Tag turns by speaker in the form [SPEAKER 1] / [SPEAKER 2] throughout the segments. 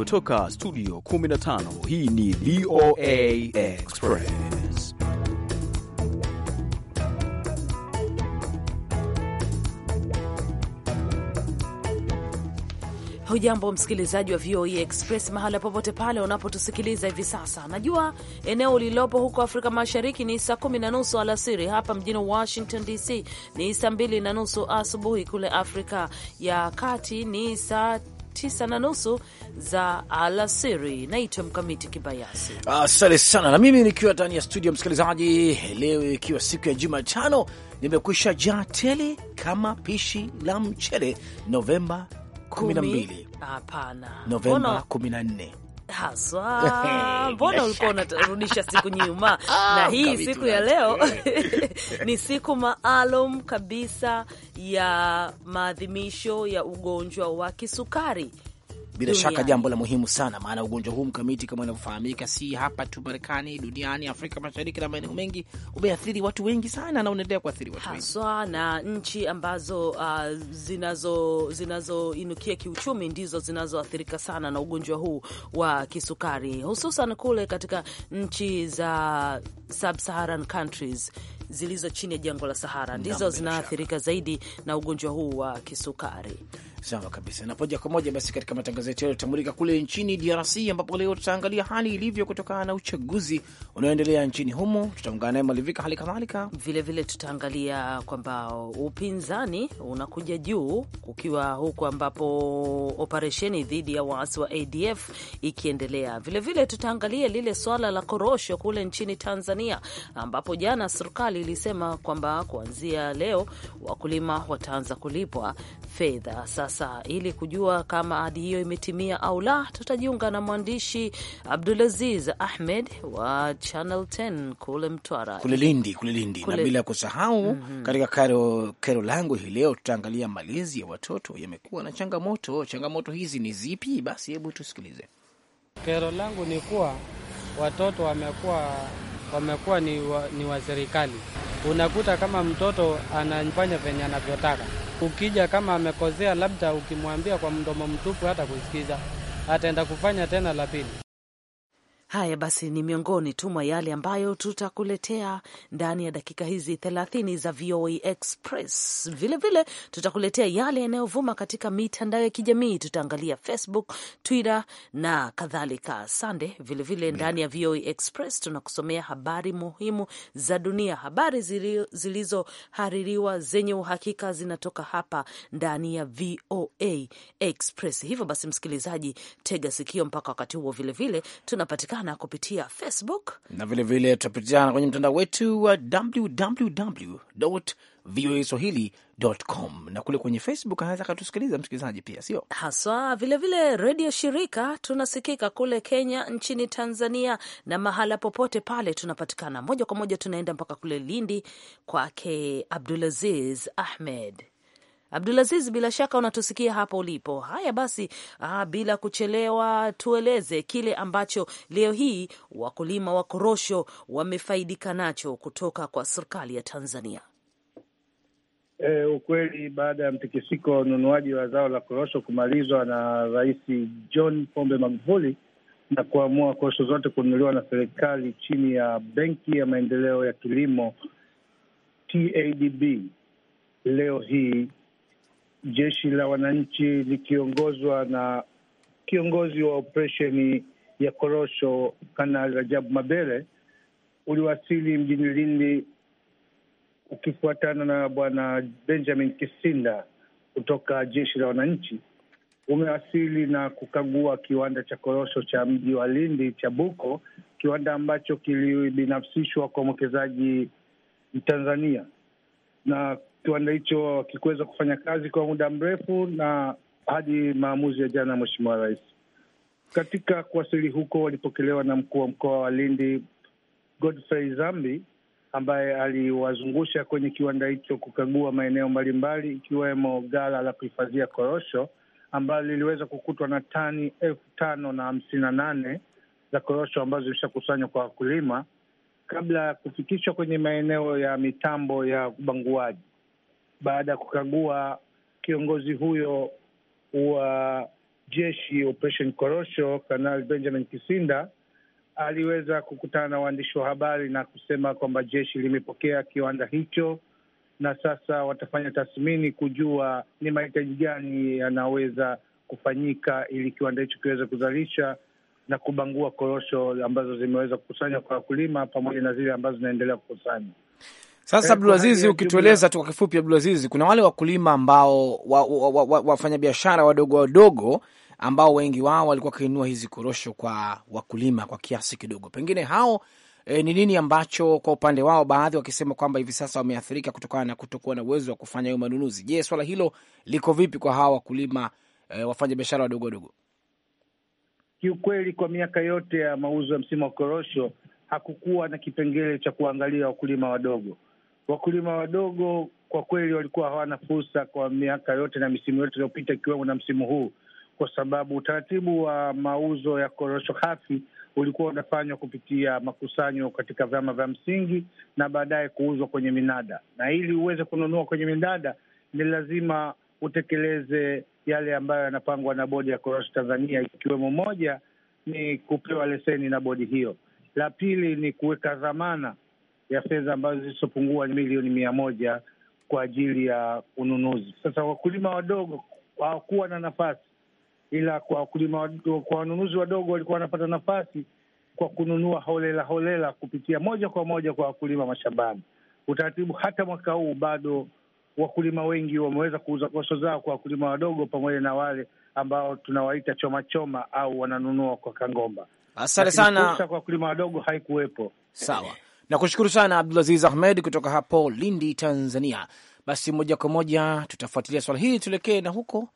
[SPEAKER 1] kutoka studio 15 hii ni VOA Express.
[SPEAKER 2] Hujambo msikilizaji wa VOA Express mahala popote pale unapotusikiliza hivi sasa. Najua eneo lililopo huko Afrika Mashariki ni saa kumi na nusu alasiri, hapa mjini Washington DC ni saa mbili na nusu asubuhi, kule Afrika ya Kati ni saa tisa na nusu za alasiri. Naitwa Mkamiti Kibayasi.
[SPEAKER 3] Asante sana, na mimi nikiwa ndani ya studio, msikilizaji, leo ikiwa siku ya Jumatano, nimekwisha jaa tele kama pishi la mchele Novemba 12.
[SPEAKER 2] Hapana, Novemba
[SPEAKER 3] 14
[SPEAKER 2] haswa. Mbona ulikuwa unarudisha siku nyuma? Ah, na hii siku ya leo ni siku maalum kabisa ya maadhimisho ya ugonjwa wa kisukari
[SPEAKER 3] bila duniani. shaka jambo la muhimu sana, maana ugonjwa huu mkamiti, kama unavyofahamika, si hapa tu Marekani, duniani, Afrika Mashariki na maeneo mengi, umeathiri watu wengi sana na unaendelea kuathiri watu
[SPEAKER 4] wengi
[SPEAKER 2] haswa na nchi ambazo uh, zinazo zinazoinukia kiuchumi ndizo zinazoathirika sana na ugonjwa huu wa kisukari, hususan kule katika nchi za sub-Saharan countries zilizo chini ya jangwa la Sahara
[SPEAKER 3] ndizo zinaathirika zaidi na ugonjwa huu wa kisukari. Sawa kabisa, na moja kwa moja basi katika matangazo yetu tutamulika kule nchini DRC ambapo leo tutaangalia hali ilivyo kutokana na uchaguzi unaoendelea nchini humo. Tutaungana naye Malivika, hali kadhalika
[SPEAKER 2] vilevile tutaangalia kwamba upinzani unakuja juu ukiwa huku ambapo operesheni dhidi ya waasi wa ADF ikiendelea. Vilevile tutaangalia lile swala la korosho kule nchini Tanzania ambapo jana serikali ilisema kwamba kuanzia leo wakulima wataanza kulipwa fedha sasa Ili kujua kama ahadi hiyo imetimia au la, tutajiunga na mwandishi Abdulaziz Ahmed wa Channel 10 kule Mtwara, kule Lindi,
[SPEAKER 3] kule Lindi kule... na bila kusahau mm -hmm. katika kero, kero langu hii leo tutaangalia malezi ya watoto yamekuwa na changamoto. Changamoto hizi ni zipi? Basi hebu tusikilize.
[SPEAKER 5] Kero langu ni kuwa watoto wamekuwa wamekuwa ni wa, ni wa serikali. Unakuta kama mtoto anafanya venye anavyotaka, ukija kama amekosea, labda ukimwambia kwa mdomo mtupu hata kusikiza, ataenda kufanya tena la pili. Haya basi, ni
[SPEAKER 2] miongoni tu mwa yale ambayo tutakuletea ndani ya dakika hizi thelathini za VOA Express. Vilevile tutakuletea yale yanayovuma katika mitandao ya kijamii, tutaangalia Facebook, Twitter na kadhalika. Sande, vilevile ndani ya VOA Express tunakusomea habari muhimu za dunia, habari zilizohaririwa zenye uhakika, zinatoka hapa ndani ya VOA Express. Hivyo basi, msikilizaji, tega sikio mpaka wakati huo. Vilevile tunapatikana tutapatiana kupitia
[SPEAKER 3] Facebook na vilevile tutapitiana kwenye mtandao wetu wa www voa swahili.com, na kule kwenye Facebook anaweza akatusikiliza msikilizaji pia, sio haswa.
[SPEAKER 2] Vilevile redio shirika tunasikika kule Kenya, nchini Tanzania na mahala popote pale tunapatikana moja kwa moja. Tunaenda mpaka kule Lindi kwake Abdulaziz Ahmed. Abdulaziz, bila shaka unatusikia hapo ulipo. Haya basi, ah, bila kuchelewa, tueleze kile ambacho leo hii wakulima wa korosho wamefaidika nacho kutoka kwa serikali ya Tanzania.
[SPEAKER 6] E, ukweli baada ya mtikisiko wa ununuaji wa zao la korosho kumalizwa na Rais John Pombe Magufuli na kuamua korosho zote kununuliwa na serikali chini ya Benki ya Maendeleo ya Kilimo TADB, leo hii jeshi la wananchi likiongozwa na kiongozi wa operesheni ya korosho Kanali Rajabu Mabere uliwasili mjini Lindi ukifuatana na Bwana Benjamin Kisinda kutoka jeshi la wananchi. Umewasili na kukagua kiwanda cha korosho cha mji wa Lindi cha Buko, kiwanda ambacho kilibinafsishwa kwa mwekezaji Mtanzania na kiwanda hicho kikuweza kufanya kazi kwa muda mrefu na hadi maamuzi ya jana Mheshimiwa Rais. Katika kuwasili huko walipokelewa na mkuu wa mkoa wa Lindi Godfrey Zambi ambaye aliwazungusha kwenye kiwanda hicho kukagua maeneo mbalimbali ikiwemo ghala la kuhifadhia korosho ambalo liliweza kukutwa na tani elfu tano na hamsini na nane za korosho ambazo zilishakusanywa kwa wakulima kabla ya kufikishwa kwenye maeneo ya mitambo ya ubanguaji baada ya kukagua kiongozi huyo wa jeshi Operation Korosho, Kanali Benjamin Kisinda aliweza kukutana na waandishi wa habari na kusema kwamba jeshi limepokea kiwanda hicho na sasa watafanya tathmini kujua ni mahitaji gani yanaweza kufanyika ili kiwanda hicho kiweze kuzalisha na kubangua korosho ambazo zimeweza kukusanywa kwa wakulima pamoja na zile ambazo zinaendelea kukusanywa. Sasa eh, Abdulazizi, ukitueleza
[SPEAKER 3] tu kwa kifupi, Abdulazizi, kuna wale wakulima ambao wafanyabiashara wa, wa, wa, wa, wadogo wadogo ambao wengi wao walikuwa wakiinua hizi korosho kwa wakulima kwa kiasi kidogo, pengine hao E, ni nini ambacho kwa upande wao baadhi wakisema kwamba hivi sasa wameathirika kutokana na kutokuwa na uwezo wa kufanya hiyo manunuzi. Je, swala hilo liko vipi kwa hawa wakulima e, eh, wafanya biashara wadogo wadogo?
[SPEAKER 6] Kiukweli, kwa miaka yote ya mauzo ya msimu wa korosho hakukuwa na kipengele cha kuangalia wakulima wadogo. Wakulima wadogo kwa kweli walikuwa hawana fursa kwa miaka yote na misimu yote iliyopita ikiwemo na msimu huu, kwa sababu utaratibu wa mauzo ya korosho hafi ulikuwa unafanywa kupitia makusanyo katika vyama vya msingi na baadaye kuuzwa kwenye minada, na ili uweze kununua kwenye minada ni lazima utekeleze yale ambayo yanapangwa na bodi ya korosho Tanzania, ikiwemo moja ni kupewa leseni na bodi hiyo, la pili ni kuweka dhamana ya fedha ambazo zisizopungua milioni mia moja kwa ajili ya ununuzi. Sasa wakulima wadogo hawakuwa na nafasi, ila kwa wakulima wadogo, kwa wanunuzi wadogo walikuwa wanapata nafasi kwa kununua holela holela kupitia moja kwa moja kwa wakulima mashambani. Utaratibu hata mwaka huu bado wakulima wengi wameweza kuuza posho zao kwa wakulima wadogo, pamoja na wale ambao tunawaita choma choma au wananunua kwa kangomba. Asante sana. Kwa wakulima wadogo haikuwepo.
[SPEAKER 3] Sawa. Nakushukuru sana Abdulaziz Ahmed kutoka hapo Lindi, Tanzania. Basi moja kwa moja tutafuatilia swala hili, tuelekee na huko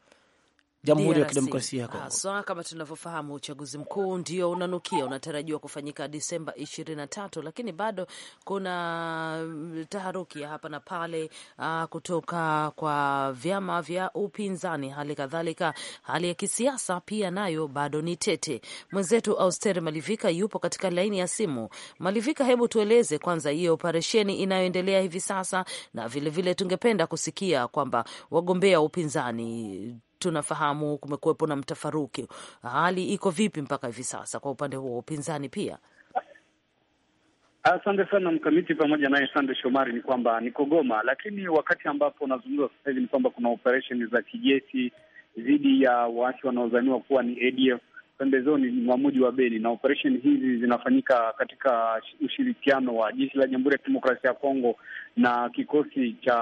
[SPEAKER 3] Jamhuri ya Kidemokrasia ya Kongo.
[SPEAKER 2] Haswa kama tunavyofahamu, uchaguzi mkuu ndio unanukia, unatarajiwa kufanyika Disemba 23, lakini bado kuna taharuki ya hapa na pale uh, kutoka kwa vyama vya upinzani. Hali kadhalika hali ya kisiasa pia nayo bado ni tete. Mwenzetu Auster Malivika yupo katika laini ya simu. Malivika, hebu tueleze kwanza hiyo operesheni inayoendelea hivi sasa, na vilevile vile tungependa kusikia kwamba wagombea upinzani tunafahamu kumekuwepo na mtafaruki. Hali iko vipi mpaka hivi sasa kwa upande huo upinzani pia?
[SPEAKER 7] Asante sana Mkamiti pamoja naye Sande Shomari. Ni kwamba niko Goma, lakini wakati ambapo nazungumza sasa hivi ni kwamba kuna operesheni za kijeshi dhidi ya waasi wanaodhaniwa kuwa ni ADF pembezoni mwa mji wa Beni, na operesheni hizi zinafanyika katika ushirikiano wa jeshi la Jamhuri ya Kidemokrasia ya Kongo na kikosi cha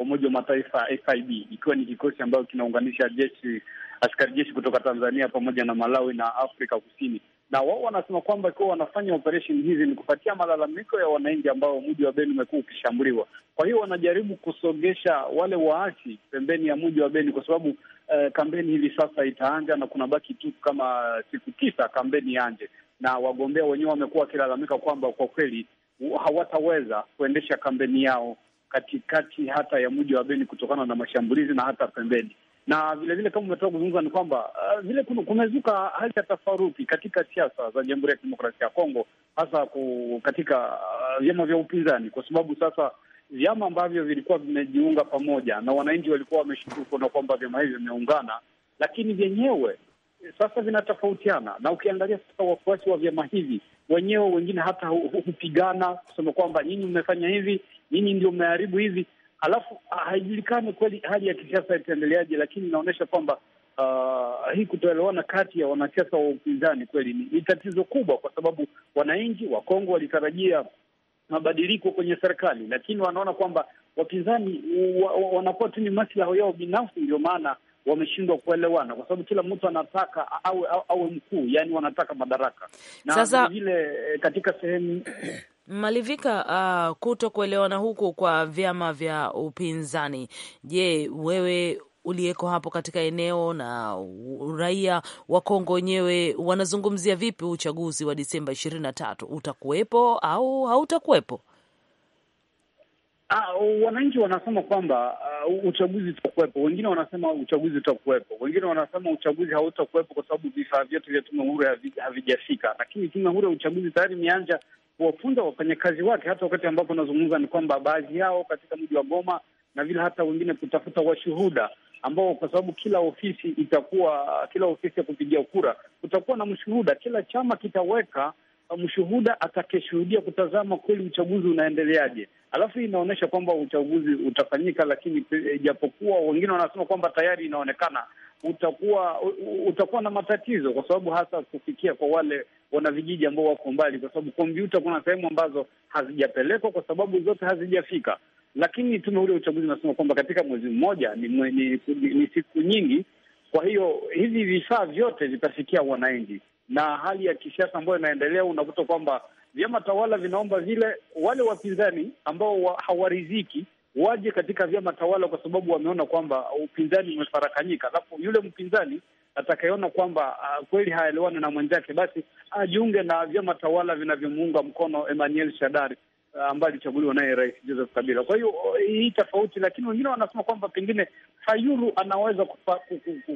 [SPEAKER 7] Umoja wa Mataifa FIB, ikiwa ni kikosi ambayo kinaunganisha jeshi askari jeshi kutoka Tanzania pamoja na Malawi na Afrika Kusini. Na wao wanasema kwamba ikiwa wanafanya operesheni hizi ni kupatia malalamiko ya wananchi ambao mji wa Beni umekuwa ukishambuliwa. Kwa hiyo wanajaribu kusogesha wale waasi pembeni ya mji wa Beni kwa sababu eh, kampeni hivi sasa itaanza na kuna baki tu kama eh, siku tisa kampeni ianze, na wagombea wenyewe wamekuwa wakilalamika kwamba kwa kweli hawataweza kuendesha kampeni yao katikati hata ya mji wa Beni kutokana na mashambulizi na hata pembeni na vilevile kama umetoka kuzungumza ni kwamba uh, vile kumezuka hali ya tafaruki katika siasa za Jamhuri ya Kidemokrasia ya Kongo, hasa katika eh, vyama uh, vya upinzani, kwa sababu sasa vyama ambavyo vilikuwa vimejiunga pamoja na wananchi walikuwa wameshukuru kuona kwamba vyama hivyo vimeungana, lakini vyenyewe sasa vinatofautiana. Na ukiangalia sasa, wafuasi wa vyama hivi wenyewe wengine hata hupigana kusema kwamba nyinyi mmefanya hivi, nyinyi ndio mmeharibu hivi, alafu ah, haijulikani kweli hali ya kisiasa itaendeleaje, lakini inaonyesha kwamba Uh, hii kutoelewana kati ya wanasiasa wa upinzani kweli ni, ni tatizo kubwa, kwa sababu wananchi wa Kongo walitarajia mabadiliko kwenye serikali, lakini wanaona kwamba wapinzani wanakuwa tu ni maslahi yao binafsi, ndio maana wameshindwa kuelewana, kwa sababu kila mtu anataka awe, awe mkuu, yani wanataka madaraka na sasa... vile eh, katika sehemu
[SPEAKER 2] Malivika, uh, kuto kuelewana huku kwa vyama vya upinzani. Je, wewe uliyeko hapo katika eneo na raia wa Kongo wenyewe wanazungumzia vipi uchaguzi wa Disemba ishirini na tatu,
[SPEAKER 7] utakuwepo au
[SPEAKER 2] hautakuwepo?
[SPEAKER 7] Ah, wananchi wanasema kwamba uh, uchaguzi utakuwepo. Wengine wanasema uchaguzi utakuwepo, wengine wanasema uchaguzi hautakuwepo kwa sababu vifaa vyote vya tume huru havijafika. Lakini tume huru ya uchaguzi tayari imeanza kuwafunza wafanyakazi wake. Hata wakati ambapo unazungumza ni kwamba baadhi yao katika mji wa Goma na vile hata wengine kutafuta washuhuda ambao kwa sababu kila ofisi itakuwa kila ofisi ya kupigia kura kutakuwa na mshuhuda, kila chama kitaweka uh, mshuhuda atakeshuhudia kutazama kweli uchaguzi unaendeleaje. Alafu hii inaonyesha kwamba uchaguzi utafanyika, lakini ijapokuwa eh, wengine wanasema kwamba tayari inaonekana utakuwa utakuwa na matatizo, kwa sababu hasa kufikia kwa wale wana vijiji ambao wako mbali, kwa sababu kompyuta kuna sehemu ambazo hazijapelekwa, kwa sababu zote hazijafika lakini tume ule uchaguzi unasema kwamba katika mwezi mmoja ni, ni, ni, ni siku nyingi. Kwa hiyo hivi vifaa vyote vitafikia wananchi, na hali ya kisiasa ambayo inaendelea unakuta kwamba vyama tawala vinaomba vile wale wapinzani ambao wa, hawariziki waje katika vyama tawala, kwa sababu wameona kwamba upinzani umefarakanyika, alafu yule mpinzani atakayeona kwamba uh, kweli haelewani na mwenzake, basi ajiunge na vyama tawala vinavyomuunga mkono Emmanuel Shadari Uh, ambaye alichaguliwa naye Rais Joseph Kabila. Kwa hiyo oh, hii tofauti, lakini wengine wanasema kwamba pengine Fayulu anaweza kufa,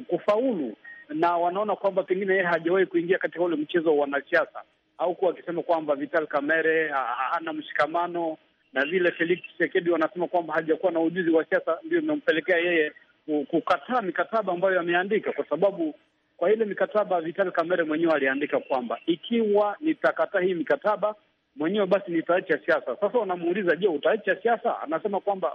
[SPEAKER 7] kufaulu na wanaona kwamba pengine yeye hajawahi kuingia katika ule mchezo wa wanasiasa, au kuwa akisema kwamba Vital Kamerhe hana mshikamano na vile Felix Tshisekedi wanasema kwamba hajakuwa na ujuzi wa siasa, ndio imempelekea yeye kukataa mikataba ambayo ameandika, kwa sababu kwa ile mikataba Vital Kamerhe mwenyewe aliandika kwamba ikiwa nitakataa hii mikataba mwenyewe basi ni tayari siasa. Sasa wanamuuliza je, utaacha siasa? Anasema kwamba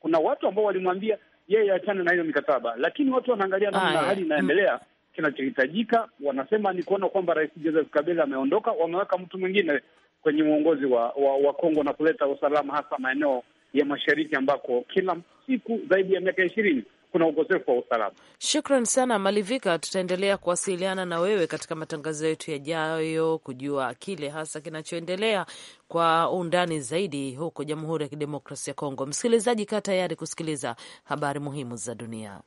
[SPEAKER 7] kuna watu ambao walimwambia yeye achane na hiyo mikataba, lakini watu wanaangalia namna hali inaendelea. Kinachohitajika wanasema ni kuona kwamba Rais Joseph Kabila ameondoka, wameweka mtu mwingine kwenye uongozi wa, wa, wa Kongo na kuleta usalama hasa maeneo ya mashariki ambako kila siku zaidi ya miaka ishirini kuna ukosefu wa usalama.
[SPEAKER 2] Shukran sana Malivika, tutaendelea kuwasiliana na wewe katika matangazo yetu yajayo kujua kile hasa kinachoendelea kwa undani zaidi huko Jamhuri ya Kidemokrasia ya Kongo. Msikilizaji, kaa tayari kusikiliza habari muhimu za dunia.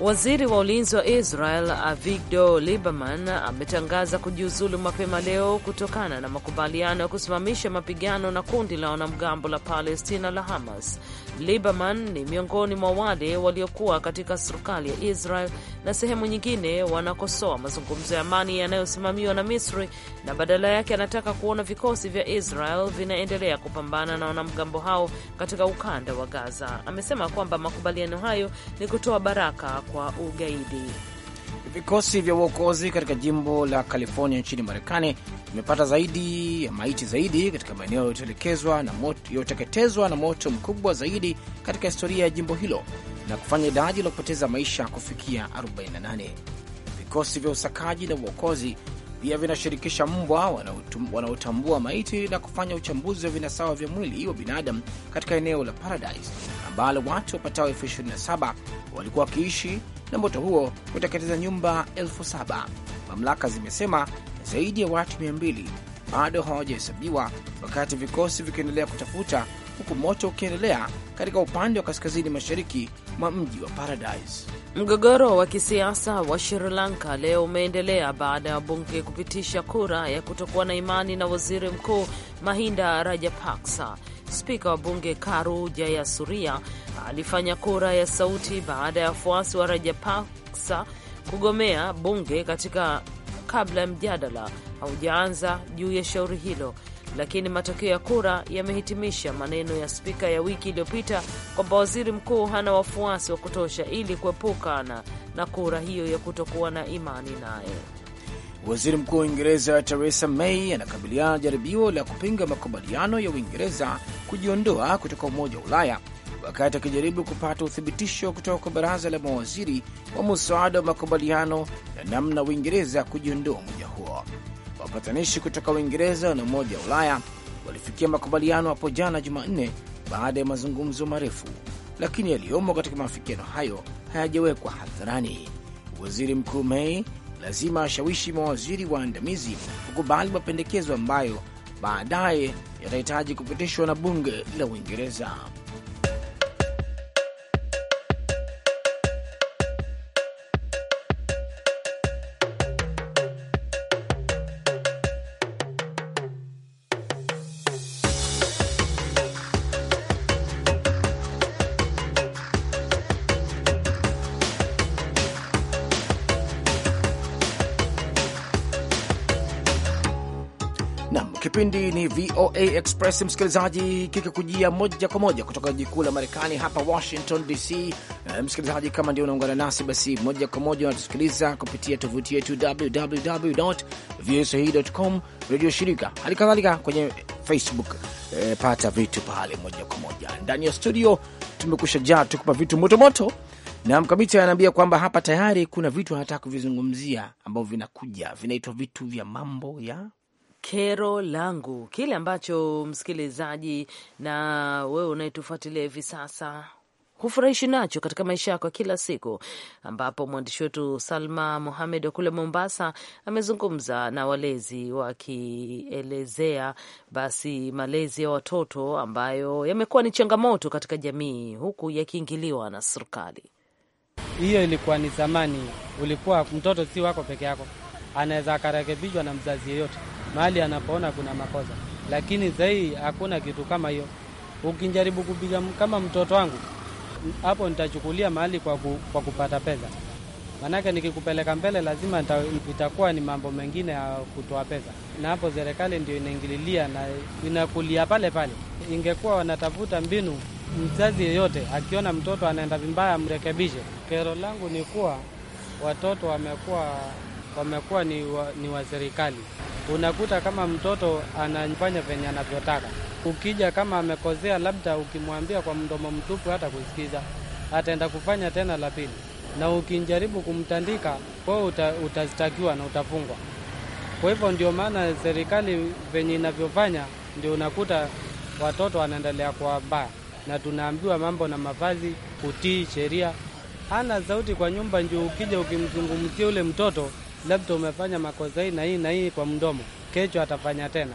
[SPEAKER 2] Waziri wa ulinzi wa Israel Avigdor Lieberman ametangaza kujiuzulu mapema leo kutokana na makubaliano ya kusimamisha mapigano na kundi la wanamgambo la Palestina la Hamas. Lieberman ni miongoni mwa wale waliokuwa katika serikali ya Israel na sehemu nyingine wanakosoa mazungumzo ya amani yanayosimamiwa na Misri, na badala yake anataka kuona vikosi vya Israel vinaendelea kupambana na wanamgambo hao katika ukanda wa Gaza. Amesema kwamba makubaliano hayo ni kutoa baraka kwa ugaidi.
[SPEAKER 3] Vikosi vya uokozi katika jimbo la California nchini Marekani vimepata zaidi ya maiti zaidi katika maeneo yaliyotelekezwa na moto yaliyoteketezwa na moto mkubwa zaidi katika historia ya jimbo hilo na kufanya idadi la kupoteza maisha kufikia 48. Vikosi vya usakaji na uokozi pia vinashirikisha mbwa wanaotambua maiti na kufanya uchambuzi wa vinasawa vya mwili wa binadamu katika eneo la Paradise ambalo watu wapatao elfu 27 walikuwa wakiishi, na moto huo kuteketeza nyumba elfu 7. Mamlaka zimesema zaidi ya watu 200 bado hawajahesabiwa, wakati vikosi vikiendelea kutafuta, huku moto ukiendelea katika upande wa kaskazini mashariki mwa mji wa Paradise. Mgogoro wa kisiasa
[SPEAKER 2] wa Sri Lanka leo umeendelea baada ya bunge kupitisha kura ya kutokuwa na imani na waziri mkuu Mahinda Rajapaksa. Spika wa bunge Karu Jayasuria alifanya kura ya sauti baada ya wafuasi wa Rajapaksa kugomea bunge katika kabla ya mjadala haujaanza juu ya shauri hilo lakini matokeo ya kura yamehitimisha maneno ya spika ya wiki iliyopita kwamba waziri mkuu hana wafuasi wa kutosha ili kuepukana na kura hiyo ya kutokuwa na imani naye.
[SPEAKER 3] Waziri mkuu wa Uingereza Theresa May anakabiliana na jaribio la kupinga makubaliano ya Uingereza kujiondoa kutoka Umoja wa Ulaya wakati akijaribu kupata uthibitisho kutoka kwa baraza la mawaziri wa mswada wa makubaliano na namna Uingereza kujiondoa umoja huo. Wapatanishi kutoka Uingereza na Umoja wa Ulaya walifikia makubaliano hapo jana Jumanne baada ya mazungumzo marefu, lakini yaliyomo katika maafikiano hayo hayajawekwa hadharani. Waziri Mkuu Mei lazima ashawishi mawaziri waandamizi kukubali mapendekezo ambayo baadaye yatahitaji kupitishwa na bunge la Uingereza. Nam, kipindi ni VOA Express msikilizaji, kikikujia moja kwa moja kutoka jiji kuu la Marekani hapa Washington DC. Eh, msikilizaji, kama ndio unaungana nasi, basi moja kwa moja unatusikiliza kupitia tovuti yetu www voaswahili.com, redio shirika, hali kadhalika kwenye Facebook. E, pata vitu pale moja kwa moja. Ndani ya studio tumekusha jaa tukupa vitu motomoto na Mkamiti anaambia kwamba hapa tayari kuna vitu anataka kuvizungumzia ambavyo vinakuja, vinaitwa vitu vya mambo ya
[SPEAKER 2] kero langu, kile ambacho msikilizaji na wewe unayetufuatilia hivi sasa hufurahishi nacho katika maisha yako ya kila siku, ambapo mwandishi wetu Salma muhamed wa kule Mombasa amezungumza na walezi wakielezea basi malezi ya watoto ambayo yamekuwa ni changamoto katika
[SPEAKER 5] jamii huku yakiingiliwa na serikali. Hiyo ilikuwa ni zamani, ulikuwa mtoto si wako peke yako, anaweza akarekebishwa na mzazi yeyote mahali anapoona kuna makosa, lakini sahii hakuna kitu kama hiyo. Ukijaribu kupiga kama mtoto wangu hapo, nitachukulia mahali kwa, ku, kwa kupata pesa, maanake nikikupeleka mbele lazima nita, itakuwa ni mambo mengine ya kutoa pesa, na hapo serikali ndio inaingililia na inakulia pale pale. Ingekuwa wanatafuta mbinu, mzazi yeyote akiona mtoto anaenda vibaya amrekebishe. Kero langu ni kuwa watoto wamekuwa wamekuwa ni wa, ni wa serikali unakuta kama mtoto anafanya venye anavyotaka. Ukija kama amekosea, labda ukimwambia kwa mdomo mtupu hata kusikiza, ataenda kufanya tena la pili, na ukijaribu kumtandika kwao, uta, utastakiwa na utafungwa. Kwa hivyo ndio maana serikali venye inavyofanya ndio unakuta watoto wanaendelea kwa wabaya, na tunaambiwa mambo na mavazi, kutii sheria. Hana sauti kwa nyumba, njuu ukija ukimzungumzia ule mtoto labda umefanya makosa hii na hii na hii kwa mdomo, kesho atafanya tena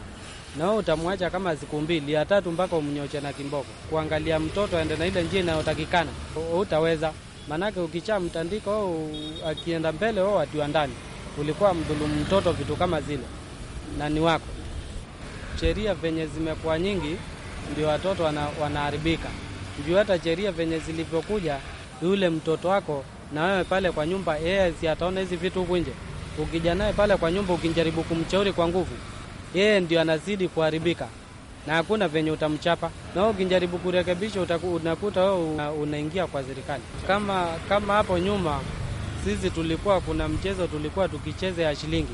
[SPEAKER 5] na wewe utamwacha kama siku mbili ya tatu mpaka umnyoche na kimboko. Kuangalia mtoto aende na ile njia inayotakikana utaweza, manake, ukichaa mtandiko akienda mbele au atiwa ndani, ulikuwa mdhulumu mtoto, vitu kama zile na ni wako. Sheria venye zimekuwa nyingi, ndio watoto wana, wanaharibika. Ndio hata sheria venye zilivyokuja, yule mtoto wako na wewe pale kwa nyumba, yeye si ataona hizi vitu huku nje Ukija naye pale kwa nyumba, ukijaribu kumshauri kwa nguvu, yeye ndio anazidi kuharibika na hakuna venye utamchapa na ukijaribu kurekebisha, unakuta wewe unaingia kwa serikali. Kama kama hapo nyuma sisi tulikuwa kuna mchezo tulikuwa tukicheza ya shilingi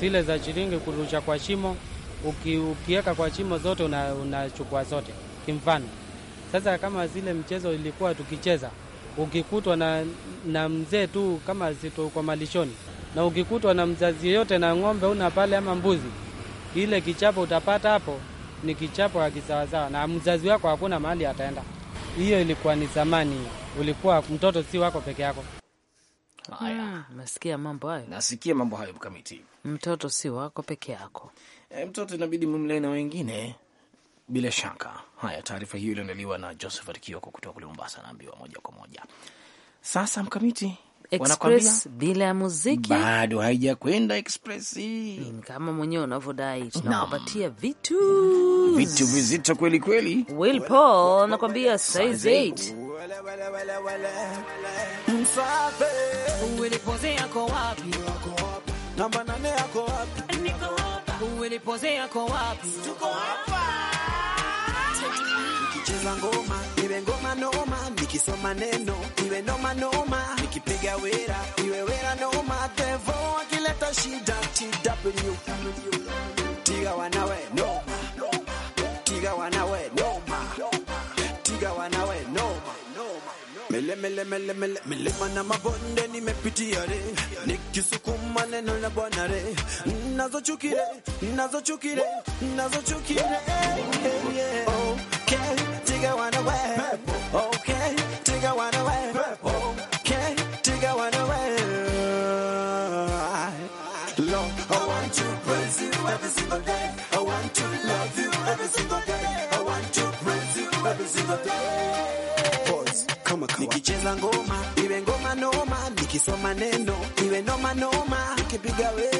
[SPEAKER 5] zile za shilingi, kurusha kwa shimo, uki, ukiweka kwa shimo zote unachukua una zote kimfano. Sasa kama zile mchezo ilikuwa tukicheza, ukikutwa na, na mzee tu kama zito kwa malishoni na ukikutwa na mzazi yeyote na ng'ombe una pale ama mbuzi, ile kichapo utapata hapo ni kichapo akisawasawa, na mzazi wako hakuna mahali ataenda. Hiyo ilikuwa ni zamani, ulikuwa mtoto si wako peke yako.
[SPEAKER 6] Haya,
[SPEAKER 3] hmm,
[SPEAKER 5] nasikia mambo hayo,
[SPEAKER 3] nasikia mambo hayo mkamiti,
[SPEAKER 5] mtoto si wako peke yako.
[SPEAKER 3] E, mtoto inabidi mumlee na wengine bila shaka. Haya, taarifa hiyo iliandaliwa na Josephat Kioko kutoka kule Mombasa, naambiwa moja kwa moja. Sasa mkamiti Express
[SPEAKER 2] bila ya muziki bado haijakwenda
[SPEAKER 3] Express.
[SPEAKER 2] Kama mwenyewe unavyodai, tunakupatia vitu
[SPEAKER 3] vitu vizito kweli kweli.
[SPEAKER 2] Will Paul anakuambia size 8
[SPEAKER 8] nikicheza ngoma iwe ngoma noma, nikisoma neno iwe noma noma, nikipiga wera iwe wera noma, tevo akileta shida TW tiga wanawe noma, tiga wanawe noma, tiga wanawe noma Mele mele mele mele milima na mabonde nimepitia re, nikisukuma neno la Bwana re, nazochukire nazochukire nazochukire, yeah, yeah. okay Tiga wanna Okay, Tiga wanna Okay, Tiga wanna wear. I want to praise you every single day. I want to love you every single day. I want to praise you every single day. come on, come on. Nikicheza ngoma, iwe ngoma noma, nikisoma neno, iwe noma noma, nikipiga wewe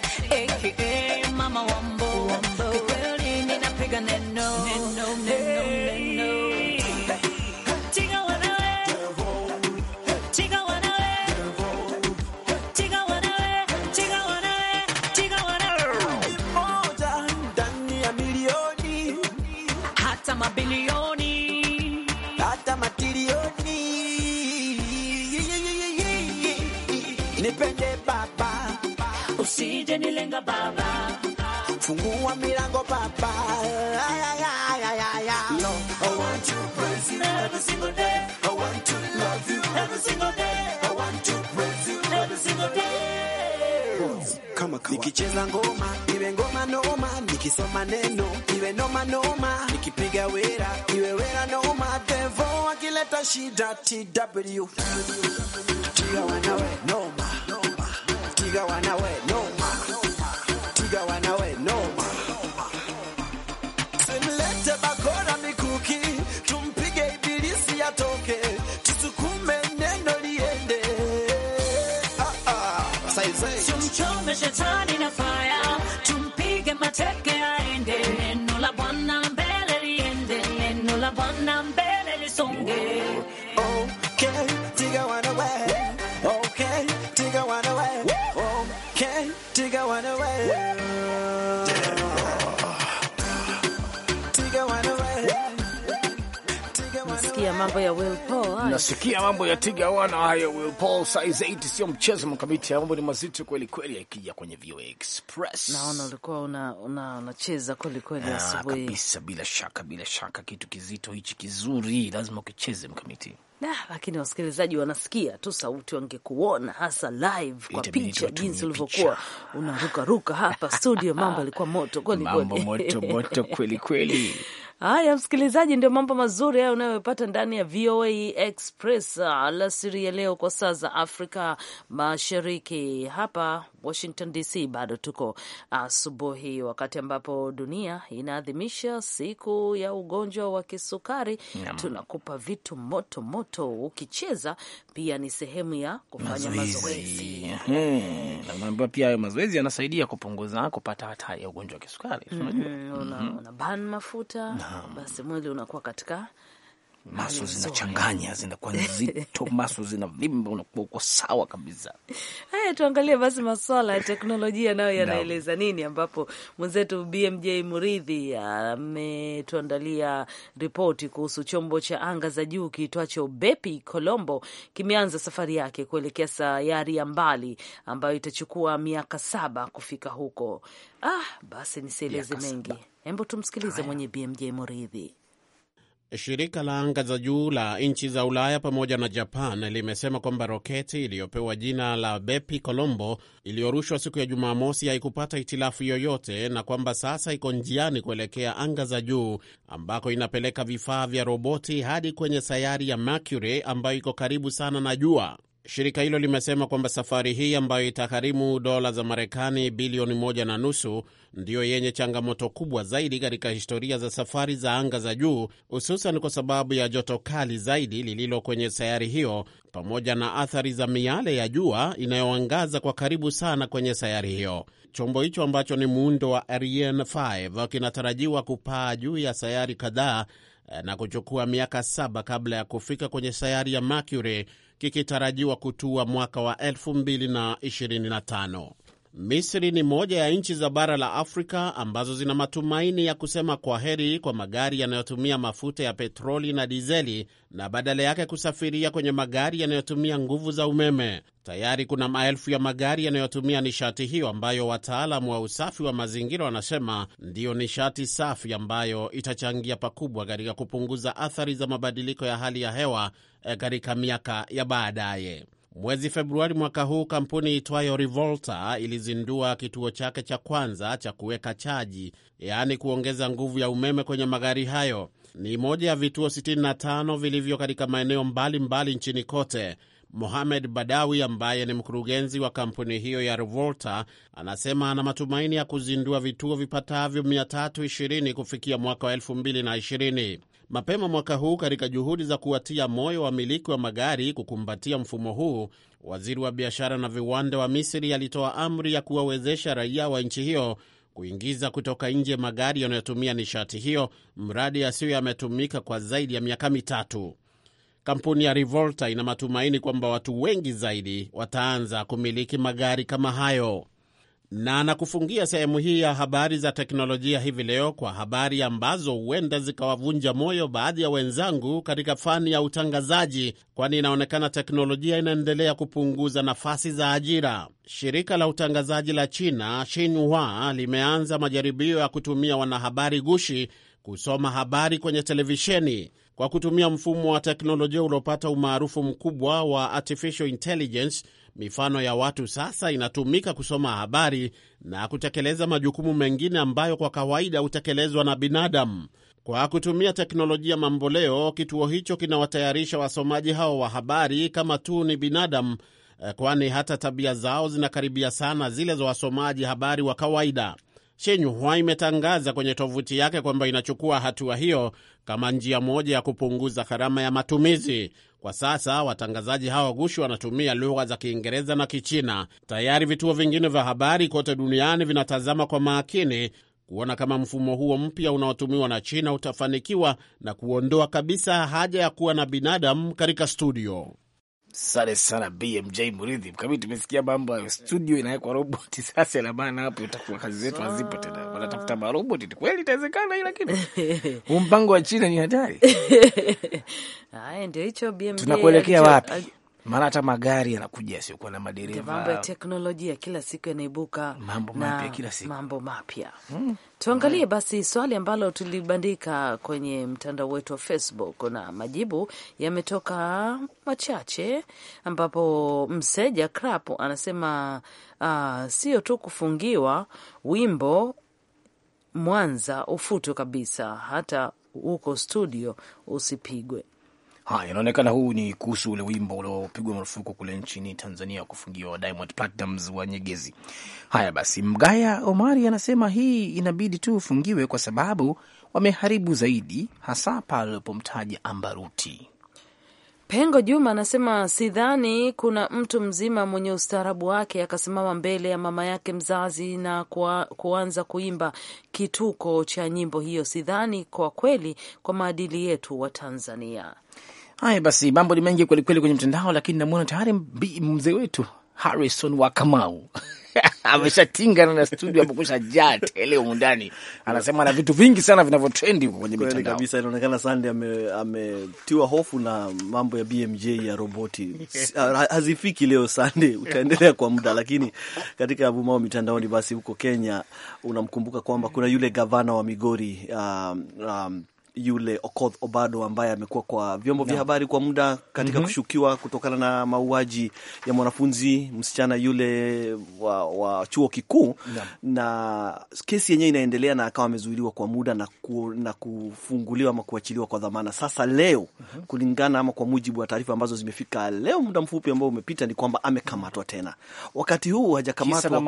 [SPEAKER 8] Papa. Ay, ay, ay, ay, ay, ay. Lord, I want to praise you every single day. I want to love you every single day. I want to praise you every single day. Nikicheza ngoma iwe ngoma noma, nikisoma neno iwe noma noma, nikipiga wera iwe wera noma, devo akileta shida TW. Tiga wanawe noma, tiga wanawe noma. it's turn in a
[SPEAKER 2] mambo ya Will Paul.
[SPEAKER 3] Nasikia mambo ya Tiga wana hayo Will Paul size 8 sio mchezo mkamiti, mambo ni mazito kweli kweli yakija kwenye View Express. Naona
[SPEAKER 2] ulikuwa una unacheza kweli kweli ah, asubuhi.
[SPEAKER 3] Kabisa bila shaka bila shaka kitu kizito hichi kizuri lazima ukicheze mkamiti.
[SPEAKER 2] Nah, lakini wasikilizaji wanasikia tu sauti, wangekuona hasa live kwa picha, jinsi ulivyokuwa unarukaruka hapa studio. Mambo yalikuwa moto kweli kweli, mambo moto moto kweli kweli Haya msikilizaji, ndio mambo mazuri hayo unayopata ndani ya VOA Express alasiri ya leo kwa saa za Afrika Mashariki. Hapa Washington DC bado tuko asubuhi, wakati ambapo dunia inaadhimisha siku ya ugonjwa wa kisukari. Tunakupa vitu moto moto, ukicheza pia ni sehemu ya kufanya mazoezi.
[SPEAKER 3] Hmm, Naambiwa pia hayo mazoezi yanasaidia kupunguza kupata hatari ya ugonjwa wa kisukari. Unabana mm-hmm,
[SPEAKER 2] mhm. mafuta
[SPEAKER 3] basi mwili unakuwa katika maso yaani, zinachanganya, zinakuwa nzito, maso zinavimba, unakuwa uko sawa kabisa.
[SPEAKER 2] Haya, tuangalie basi maswala ya teknolojia nayo yanaeleza nini, ambapo mwenzetu BMJ Muridhi ametuandalia ripoti kuhusu chombo cha anga za juu kiitwacho Bepi Colombo kimeanza safari yake kuelekea sayari ya mbali ambayo itachukua miaka saba kufika huko. Ah, basi nisieleze mengi, hembo
[SPEAKER 4] tumsikilize mwenye BMJ Muridhi. Shirika la anga za juu la nchi za Ulaya pamoja na Japan limesema kwamba roketi iliyopewa jina la Bepi Colombo iliyorushwa siku ya Jumamosi haikupata hitilafu yoyote na kwamba sasa iko njiani kuelekea anga za juu ambako inapeleka vifaa vya roboti hadi kwenye sayari ya Mercury ambayo iko karibu sana na jua. Shirika hilo limesema kwamba safari hii ambayo itagharimu dola za Marekani bilioni moja na nusu ndiyo yenye changamoto kubwa zaidi katika historia za safari za anga za juu, hususan kwa sababu ya joto kali zaidi lililo kwenye sayari hiyo pamoja na athari za miale ya jua inayoangaza kwa karibu sana kwenye sayari hiyo. Chombo hicho ambacho ni muundo wa Ariane 5 kinatarajiwa kupaa juu ya sayari kadhaa eh, na kuchukua miaka saba kabla ya kufika kwenye sayari ya Mercury kikitarajiwa kutua mwaka wa 2025. Misri ni moja ya nchi za bara la Afrika ambazo zina matumaini ya kusema kwa heri kwa magari yanayotumia mafuta ya petroli na dizeli na badala yake kusafiria kwenye magari yanayotumia nguvu za umeme. Tayari kuna maelfu ya magari yanayotumia nishati hiyo ambayo wataalamu wa usafi wa mazingira wanasema ndiyo nishati safi ambayo itachangia pakubwa katika kupunguza athari za mabadiliko ya hali ya hewa eh, katika miaka ya baadaye. Mwezi Februari mwaka huu kampuni itwayo Revolta ilizindua kituo chake cha kwanza cha kuweka chaji, yaani kuongeza nguvu ya umeme kwenye magari hayo. Ni moja ya vituo 65 vilivyo katika maeneo mbalimbali nchini kote. Mohamed Badawi ambaye ni mkurugenzi wa kampuni hiyo ya Rivolta anasema ana matumaini ya kuzindua vituo vipatavyo 320 kufikia mwaka wa 2020 mapema mwaka huu. Katika juhudi za kuwatia moyo wamiliki wa magari kukumbatia mfumo huu, waziri wa biashara na viwanda wa Misri alitoa amri ya kuwawezesha raia wa nchi hiyo kuingiza kutoka nje magari yanayotumia nishati hiyo, mradi yasiyo yametumika kwa zaidi ya miaka mitatu. Kampuni ya rivolta ina matumaini kwamba watu wengi zaidi wataanza kumiliki magari kama hayo na nakufungia sehemu hii ya habari za teknolojia hivi leo kwa habari ambazo huenda zikawavunja moyo baadhi ya wenzangu katika fani ya utangazaji, kwani inaonekana teknolojia inaendelea kupunguza nafasi za ajira. Shirika la utangazaji la China Xinhua limeanza majaribio ya kutumia wanahabari gushi kusoma habari kwenye televisheni kwa kutumia mfumo wa teknolojia uliopata umaarufu mkubwa wa artificial intelligence mifano ya watu sasa inatumika kusoma habari na kutekeleza majukumu mengine ambayo kwa kawaida hutekelezwa na binadamu. Kwa kutumia teknolojia mamboleo, kituo hicho kinawatayarisha wasomaji hao wa habari kama tu ni binadamu, eh, kwani hata tabia zao zinakaribia sana zile za wasomaji habari wa kawaida. Xinhua imetangaza kwenye tovuti yake kwamba inachukua hatua hiyo kama njia moja ya kupunguza gharama ya matumizi. Kwa sasa watangazaji hawa gushi wanatumia lugha za Kiingereza na Kichina. Tayari vituo vingine vya habari kote duniani vinatazama kwa makini kuona kama mfumo huo mpya unaotumiwa na China utafanikiwa na kuondoa kabisa haja ya kuwa na binadamu katika studio. Sante sana BMJ Muridhi, kama tumesikia mambo hayo, studio inawekwa roboti sasa, na maana hapo itakuwa kazi zetu
[SPEAKER 3] hazipo tena, wanatafuta maroboti. Kweli itawezekana hii, lakini huu mpango wa China ni hatari.
[SPEAKER 2] Haya, ndio hicho BMJ, tunakuelekea wapi?
[SPEAKER 3] maana hata magari yanakuja yasiokuwa na madereva. Mambo ya
[SPEAKER 2] teknolojia kila siku yanaibuka, mambo mapya kila siku, mambo mapya hmm. Tuangalie hmm. basi swali ambalo tulibandika kwenye mtandao wetu wa Facebook na majibu yametoka machache, ambapo Mseja crap anasema uh, sio tu kufungiwa wimbo Mwanza ufutwe kabisa, hata huko studio
[SPEAKER 3] usipigwe. Haya, inaonekana huu ni kuhusu ule wimbo uliopigwa marufuku kule nchini Tanzania kufungiwa wa Diamond Platnumz wa Nyegezi. Haya basi, Mgaya Omari anasema hii inabidi tu ufungiwe kwa sababu wameharibu zaidi, hasa pale alipomtaja Ambaruti.
[SPEAKER 2] Pengo Juma anasema sidhani kuna mtu mzima mwenye ustaarabu wake akasimama mbele ya mama yake mzazi na kuwa, kuanza kuimba kituko cha nyimbo hiyo. Sidhani kwa kweli, kwa maadili yetu
[SPEAKER 3] wa Tanzania. Haya basi, mambo ni mengi kwelikweli kwenye mtandao, lakini namwona tayari mzee wetu Harrison wa Kamau na studio hapo, kusha jaa tele humu ndani, anasema na vitu vingi sana vinavyotrendi huko kwenye mitandao kabisa.
[SPEAKER 1] Inaonekana Sande ametiwa hofu na mambo ya BMJ ya roboti, hazifiki leo Sande, utaendelea kwa muda, lakini katika vumao mitandaoni, basi huko Kenya unamkumbuka kwamba kuna yule gavana wa Migori um, um, yule Okoth Obado ambaye amekuwa kwa vyombo vya habari kwa muda katika mm -hmm. kushukiwa kutokana na mauaji ya mwanafunzi msichana yule wa, wa chuo kikuu na kesi yenyewe inaendelea, na akawa amezuiliwa kwa muda na, ku, na kufunguliwa ama kuachiliwa kwa dhamana. Sasa leo mm -hmm. kulingana ama kwa mujibu wa taarifa ambazo zimefika leo muda mfupi ambao umepita, ni kwamba amekamatwa tena. Wakati huu hajakamatwa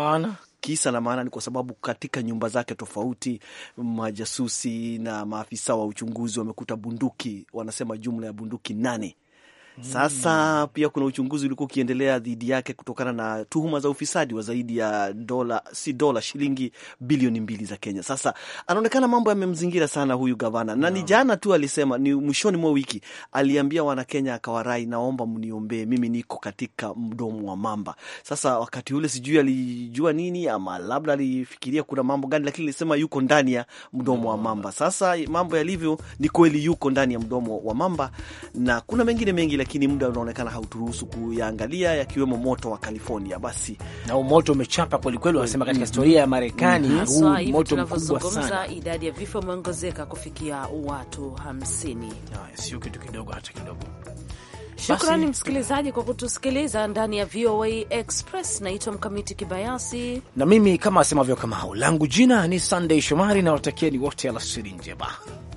[SPEAKER 1] Kisa na maana ni kwa sababu katika nyumba zake tofauti, majasusi na maafisa wa uchunguzi wamekuta bunduki, wanasema jumla ya bunduki nane sasa mm. pia kuna uchunguzi ulikuwa ukiendelea dhidi yake kutokana na tuhuma za ufisadi wa zaidi ya dola, si dola, shilingi bilioni mbili za Kenya. Sasa anaonekana mambo yamemzingira sana huyu gavana, na ni jana tu alisema, ni mwishoni mwa wiki aliambia Wanakenya akawarai, naomba mniombee mimi, niko katika mdomo wa mamba. Sasa wakati ule sijui alijua nini ama labda alifikiria kuna mambo gani, lakini alisema yuko ndani ya mdomo wa mamba. Sasa mambo yalivyo, ni kweli yuko ndani ya mdomo wa mamba na kuna mengine mengi lakini muda unaonekana hauturuhusu kuyaangalia, yakiwemo moto wa California. Basi na moto umechapa kwelikweli, wanasema katika mm-hmm. historia ya
[SPEAKER 3] Marekani mm-hmm. huu moto mkubwa sana,
[SPEAKER 2] idadi ya vifo imeongezeka kufikia watu hamsini.
[SPEAKER 3] Sio kitu kidogo hata kidogo.
[SPEAKER 2] Shukrani msikilizaji kwa kutusikiliza ndani ya VOA Express. Naitwa Mkamiti Kibayasi
[SPEAKER 3] na mimi kama asemavyo Kamau, langu jina ni Sunday Shomari, na watakieni wote alasiri njema.